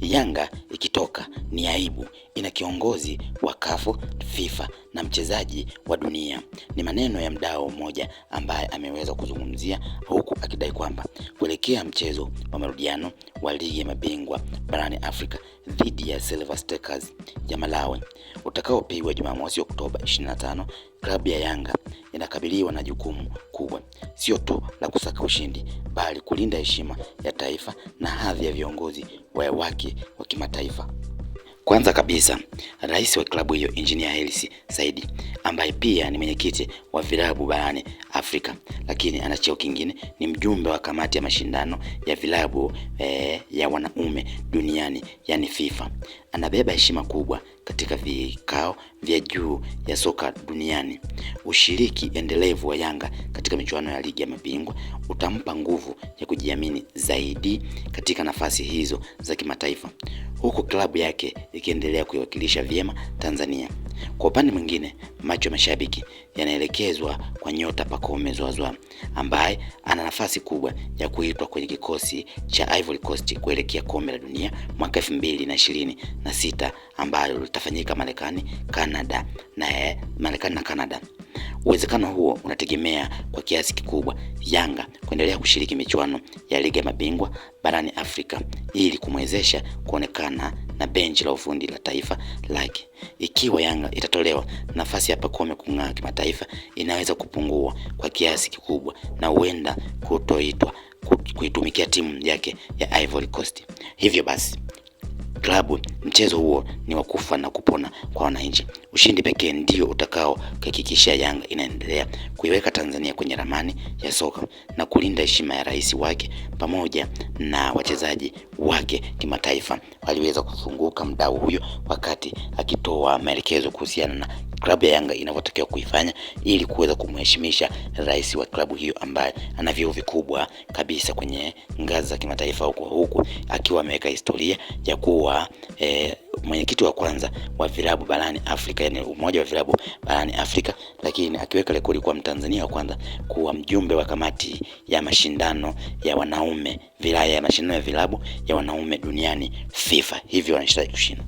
Yanga ikitoka ni aibu, ina kiongozi wa kafu FIFA na mchezaji wa dunia. Ni maneno ya mdao mmoja ambaye ameweza kuzungumzia huku akidai kwamba kuelekea mchezo wa marudiano wa ligi ya mabingwa barani Afrika dhidi ya Silver Strikers ya Malawi utakaopigwa Jumamosi Oktoba 25, klabu ya Yanga inakabiliwa na jukumu kubwa, sio tu la kusaka ushindi, bali kulinda heshima ya taifa na hadhi ya viongozi wa wake wa kimataifa. Kwanza kabisa, rais wa klabu hiyo Engineer Hersi Said ambaye pia ni mwenyekiti wa vilabu barani Afrika, lakini ana cheo kingine, ni mjumbe wa kamati ya mashindano ya vilabu eh, ya wanaume duniani, yani FIFA. Anabeba heshima kubwa katika vikao vya juu ya soka duniani. Ushiriki endelevu wa Yanga katika michuano ya ligi ya mabingwa utampa nguvu ya kujiamini zaidi katika nafasi hizo za kimataifa, huku klabu yake ikiendelea kuiwakilisha vyema Tanzania. Kwa upande mwingine, macho ya mashabiki yanaelekezwa kwa nyota Pacome Zouzoua ambaye ana nafasi kubwa ya kuitwa kwenye kikosi cha Ivory Coast kuelekea kombe la dunia mwaka 2026 ambayo litafanyika Marekani, Canada na eh, Marekani na Canada. Uwezekano huo unategemea kwa kiasi kikubwa Yanga kuendelea kushiriki michuano ya ligi ya mabingwa barani Afrika ili kumwezesha kuonekana na benchi la ufundi la taifa lake. Ikiwa Yanga itatolewa nafasi ya Pacome kung'aa kimataifa, inaweza kupungua kwa kiasi kikubwa na huenda kutoitwa kuitumikia timu yake ya Ivory Coast. Hivyo basi klabu Mchezo huo ni wa kufa na kupona kwa wananchi. Ushindi pekee ndio utakaohakikisha Yanga inaendelea kuiweka Tanzania kwenye ramani ya soka na kulinda heshima ya rais wake pamoja na wachezaji wake kimataifa. Waliweza kufunguka mdau huyo wakati akitoa maelekezo kuhusiana na klabu ya Yanga inavyotakiwa kuifanya ili kuweza kumheshimisha rais wa klabu hiyo ambaye ana vyeo vikubwa kabisa kwenye ngazi za kimataifa, huko huku akiwa ameweka historia ya kuwa eh, mwenyekiti wa kwanza wa vilabu barani Afrika, yani umoja wa vilabu barani Afrika, lakini akiweka rekodi kuwa Mtanzania wa kwanza kuwa mjumbe wa kamati ya mashindano ya wanaume vilaya ya mashindano ya vilabu ya wanaume duniani FIFA. Hivyo anashtaki kushinda